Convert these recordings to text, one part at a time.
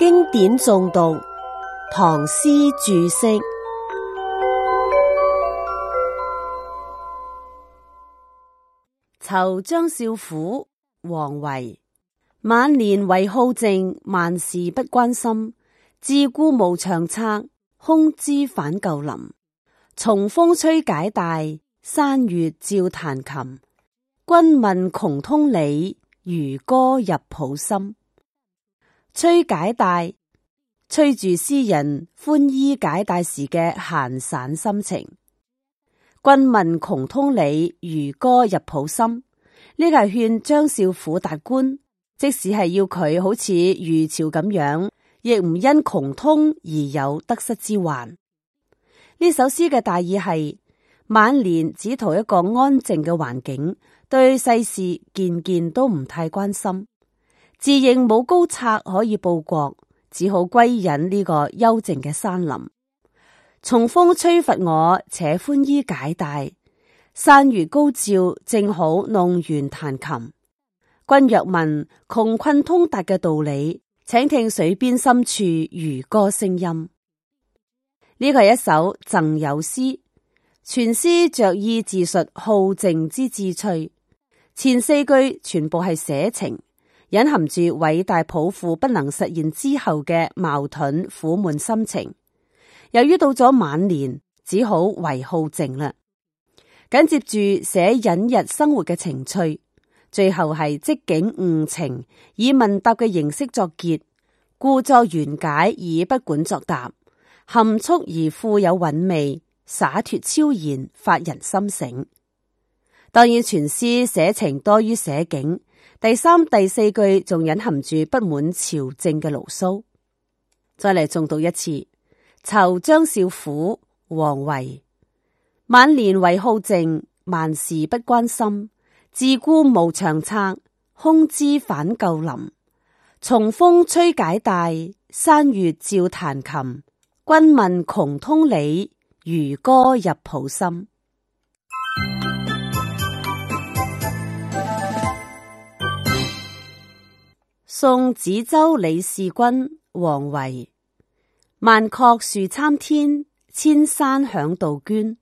經典誦讀，唐詩注釋。酬張少府，王維。晚年唯好靜，萬事不關心。自顧無長策，空知返舊林。松風吹解帶，山月照彈琴。君問窮通理，漁歌入浦深。吹解帶，吹住詩人寬衣解帶時嘅閒散心情。君問窮通理，漁歌入浦深。呢個係勸張少府達官，即使係要佢好似漁樵咁樣，亦唔因窮通而有得失之患。呢首詩嘅大意係晚年只圖一個安靜嘅環境，對世事件件都唔太關心。自認冇高策可以報國，只好歸隱呢個幽靜嘅山林。松風吹拂我，且寬衣解帶，山如高照，正好弄弦彈琴。君若問窮困通達嘅道理，請聽水邊深處漁歌聲音。呢個係一首贈友詩，全詩着意自述好靜之志趣。前四句全部係寫情。隱含住偉大抱負不能實現之後嘅矛盾苦悶心情，由於到咗晚年，只好惟好靜啦。緊接住寫隱逸生活嘅情趣，最後係即景寓情，以問答嘅形式作結，故作緣解而不管作答，含蓄而富有韻味，灑脫超然，發人心醒。當然，全詩寫情多於寫景。第三、第四句仲隱含住不滿朝政嘅牢騷，再嚟重讀一次。酬張少府王維晚年唯好靜，萬事不關心，自顧無長策，空知返舊林。松風吹解帶，山月照彈琴。君問窮通理，漁歌入浦深。送梓州李使君，王維。萬壑樹參天，千山響杜鵑。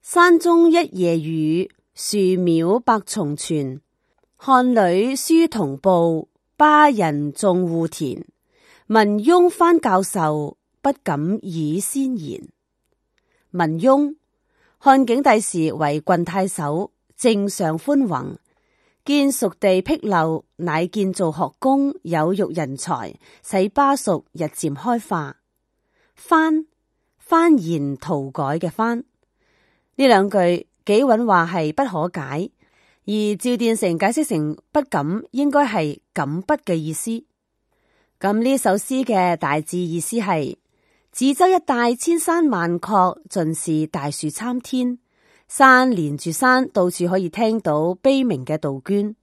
山中一夜雨，樹杪百重泉。漢女輸橦布，巴人訟芋田。文翁翻教授，不敢倚先賢。文翁，漢景帝時為郡太守，政尚寬宏。見蜀地僻陋，乃建造學宮，有育人才，使巴蜀日漸開化。番番言塗改嘅番」呢兩句紀昀話係不可解，而趙殿成解釋成不敢，應該係敢不嘅意思。咁呢首詩嘅大致意思係：梓州一帶千山萬壑，盡是大樹參天。山連住山，到處可以聽到悲鳴嘅杜鵑。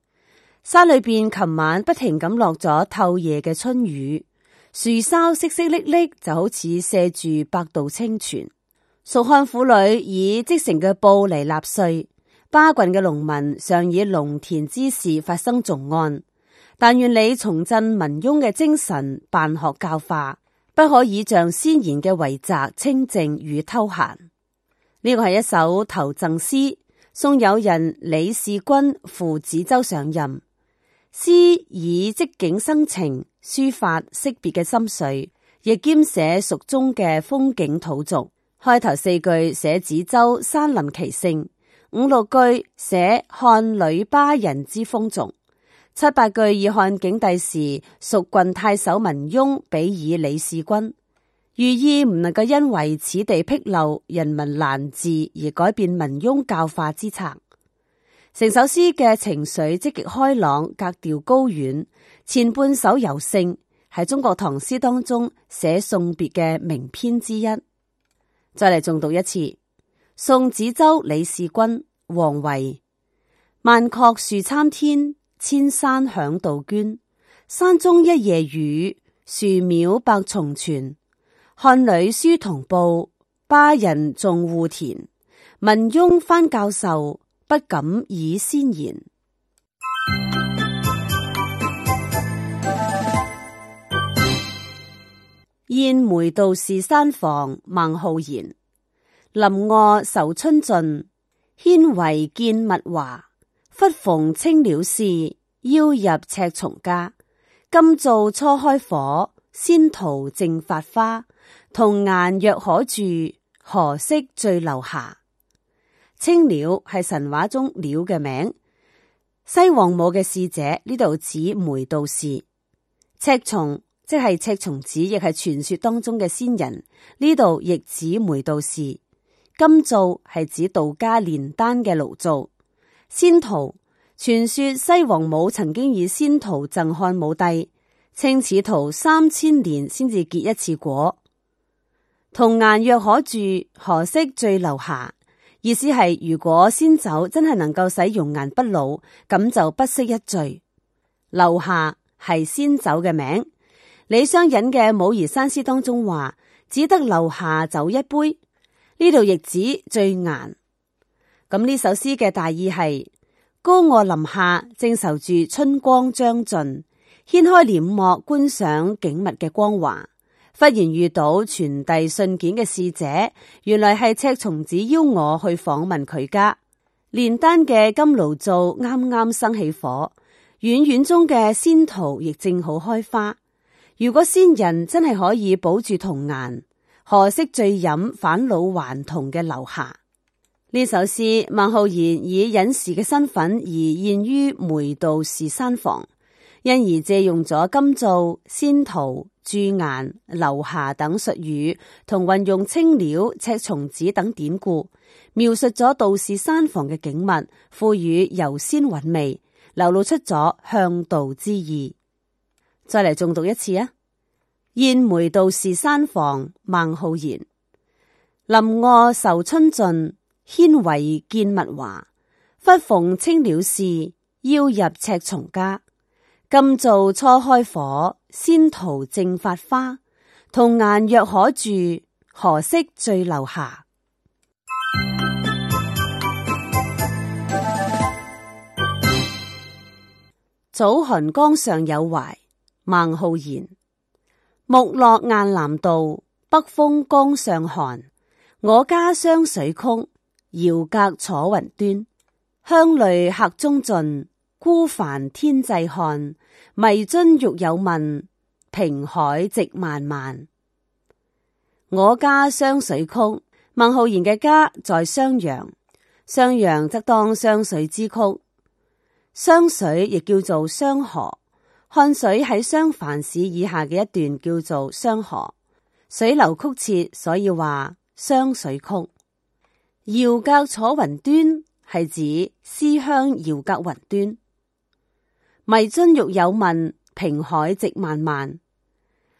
山裏邊琴晚不停咁落咗透夜嘅春雨，樹梢淅淅瀝瀝，就好似瀉住百度清泉。蜀漢婦女以織成嘅布嚟納稅，巴郡嘅農民常以農田之事發生重案。但願你重振文翁嘅精神，辦學教化，不可以像先賢嘅遺澤，清淨與偷閒。呢個係一首投贈詩，送友人李使君赴梓州上任。詩以即景生情，抒發惜別嘅心緒，亦兼寫蜀中嘅風景土俗。開頭四句寫梓州山林奇勝，五六句寫漢女巴人之風俗，七八句以漢景帝時蜀郡太守文翁比擬李使君。寓意唔能夠因為此地僻陋、人民難治而改變文翁教化之策。成首詩嘅情緒積極開朗，格調高遠。前半首尤勝係中國唐詩當中寫送別嘅名篇之一。再嚟重讀一次《送梓州李使君》，王維。萬壑樹參天，千山響杜鵑。山中一夜雨，樹杪百重泉。漢女輸橦布，巴人種芋田。文翁翻教授，不敢以先言。 燕梅道士山房孟浩然，林臥愁春盡，牽維見物華。忽逢青鳥事，邀入赤松家。今灶初開火，仙桃正發花。童顏若可駐，何惜醉留下？青鳥係神話中鳥嘅名。西王母嘅使者呢度指梅道士。赤松即係赤松子，亦係傳說當中嘅仙人，呢度亦指梅道士。金灶係指道家煉丹嘅爐灶。仙桃傳說西王母曾經以仙桃贈漢武帝，稱此桃三千年先至結一次果。童顏若可駐，何惜醉流霞？意思係如果仙酒真係能夠使容顏不老，咁就不惜一醉。流霞係仙酒嘅名。李商隱嘅《武夷山詩》當中話，只得流霞酒一杯，呢度亦指醉顏。咁呢首詩嘅大意係，高臥林下，正愁住春光將盡，掀開簾幕觀賞景物嘅光華。忽然遇到傳遞信件嘅侍者，原來係赤松子邀我去訪問佢家。煉丹嘅金爐灶啱啱生起火，院院中嘅仙桃亦正好開花。如果仙人真係可以保住童顏，何惜醉飲返老還童嘅流霞？呢首詩孟浩然以隱士嘅身份而現於梅道士山房，因而借用咗金灶、仙桃。駐顏、留霞等術語，同運用青鳥、赤松子等典故，描述咗道士山房嘅景物，賦予遊仙韻味，流露出咗向道之意。再嚟誦讀一次啊！燕梅道士山房，孟浩然，林臥愁春盡，搴帷見物華。忽逢青鳥使，邀入赤松家。丹灶初開火，仙桃正發花。童顏若可駐，何惜醉流霞。早寒江上有懷，孟浩然。木落雁南渡，北風江上寒。我家襄水曲，遙隔楚雲端。鄉淚客中盡。孤帆天際看，迷津欲有問。平海直漫漫，我家襄水曲。孟浩然嘅家在襄陽，襄陽則當襄水之曲。襄水亦叫做襄河，漢水喺襄樊市以下嘅一段叫做襄河，水流曲折，所以話襄水曲。遙隔楚雲端，係指思鄉遙隔雲端。迷津欲有問，平海直漫漫。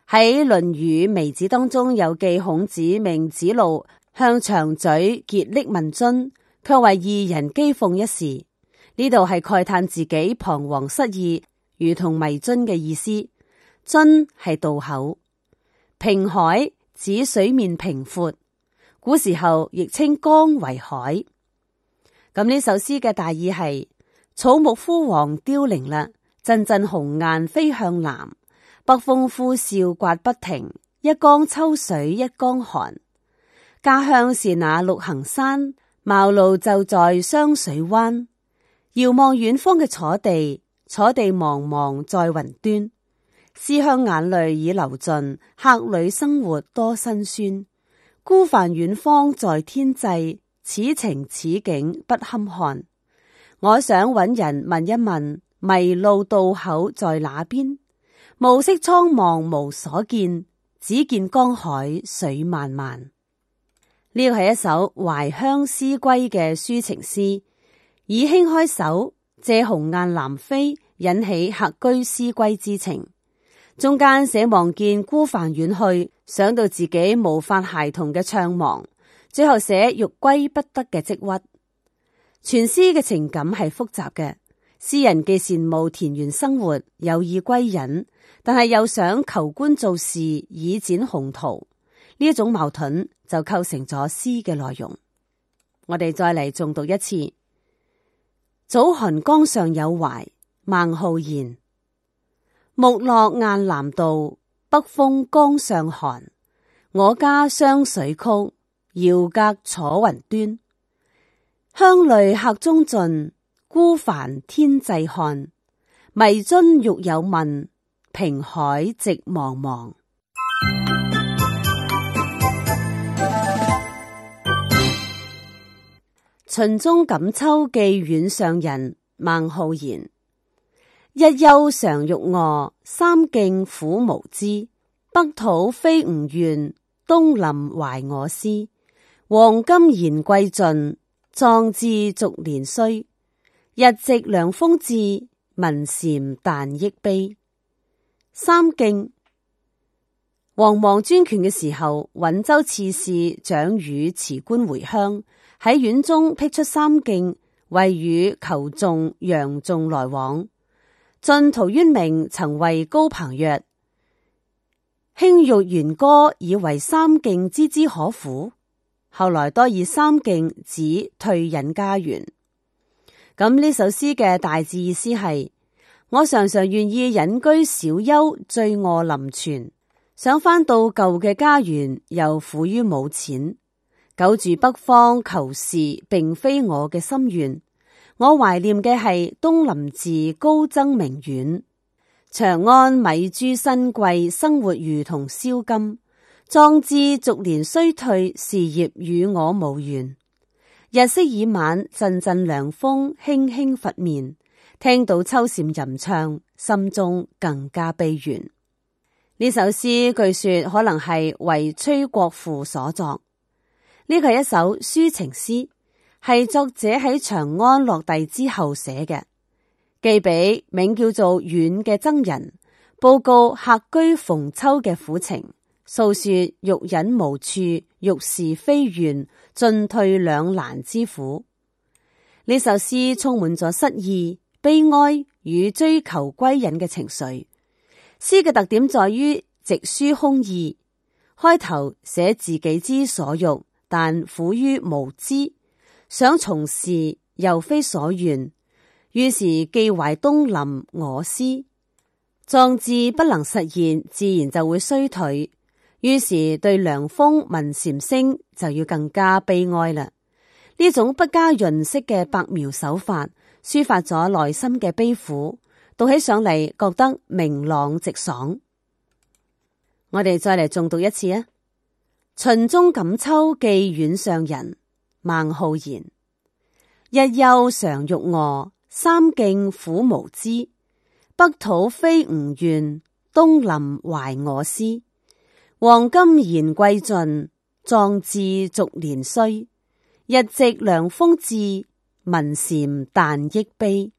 喺《論語·微子》當中有記孔子命子路向長沮、桀溺問津，却為二人譏諷一時。呢度係慨嘆自己彷徨失意，如同迷津嘅意思。津係渡口，平海指水面平闊，古時候亦稱江為海。咁呢首詩嘅大意係草木枯黃凋零啦。陣陣鴻雁飛向南，北風呼嘯颳不停。一江秋水，一江寒。家鄉是那六行山，茅路就在雙水灣。遙望遠方嘅楚地，楚地茫茫在雲端。思鄉眼淚已流盡，客旅生活多辛酸。孤帆遠方在天際，此情此景不堪看。我想揾人問一問。迷路渡口在哪邊？暮色蒼茫，無所見，只見江海水漫漫。呢個係一首懷鄉思歸嘅抒情詩，以興開首，借鴻雁南飛引起客居思歸之情，中間寫望見孤帆遠去，想到自己無法偕同嘅悵惘，最後寫欲歸不得嘅積屈。全詩嘅情感係複雜嘅。詩人既羨慕田園生活，有意歸隱，但係又想求官做事，以展宏圖。呢一種矛盾就構成咗詩嘅內容。我哋再嚟重讀一次：早寒江上有懷，孟浩然。木落雁南度，北風江上寒。我家湘水曲，遙隔楚雲端。鄉淚客中盡，孤帆天際看，迷津欲有問，平海直茫茫。秦 中感秋寄遠上人，孟浩然。一丘常欲臥，三徑苦無資。北土非吾願，東林懷我師。黃金燃桂盡，壯志逐年衰。日夕涼風至，聞蟬但益悲。三徑，王莽專權嘅時候，永州刺史蔣詡辭官回鄉，喺院中辟出三徑，為與求仲、楊仲來往。晉陶淵明曾為高朋曰：輕欲元歌，以為三徑之資可苦。後來多以三徑指退隱家園。咁呢首詩嘅大致意思係：我常常願意隱居小丘，醉臥林泉，想返到舊嘅家園，又苦於冇錢，久住北方求仕，並非我嘅心願。我懷念嘅係東林寺高僧名遠，長安米珠薪桂，生活如同燒金。壯志逐年衰退，事業與我無緣。日色已晚，陣陣涼風輕輕拂面，聽到秋蟬吟唱，心中更加悲怨。呢首詩據說可能係為崔國輔所作。呢個係一首抒情詩，係作者喺長安落地之後寫嘅，寄俾名叫做遠嘅僧人，報告客居逢秋嘅苦情。訴說欲隱無處，欲是非緣，進退兩難之苦。呢首詩充滿咗失意、悲哀與追求歸隱嘅情緒。詩嘅特點在於直抒胸臆，開頭寫自己之所欲，但苦於無知，想從事又非所願，於是既懷東林我師，壯志不能實現，自然就會衰退。於是對涼風聞蟬聲就要更加悲哀啦。呢種不加潤色嘅白描手法，抒發咗內心嘅悲苦，讀起上嚟覺得明朗直爽。我哋再嚟重讀一次啊！秦中感秋寄遠上人孟浩然，一丘常欲臥，三徑苦無資。北土非吾願，東林懷我師。黃金燃桂盡，壯志逐年衰。日夕涼風至，聞蟬但益悲。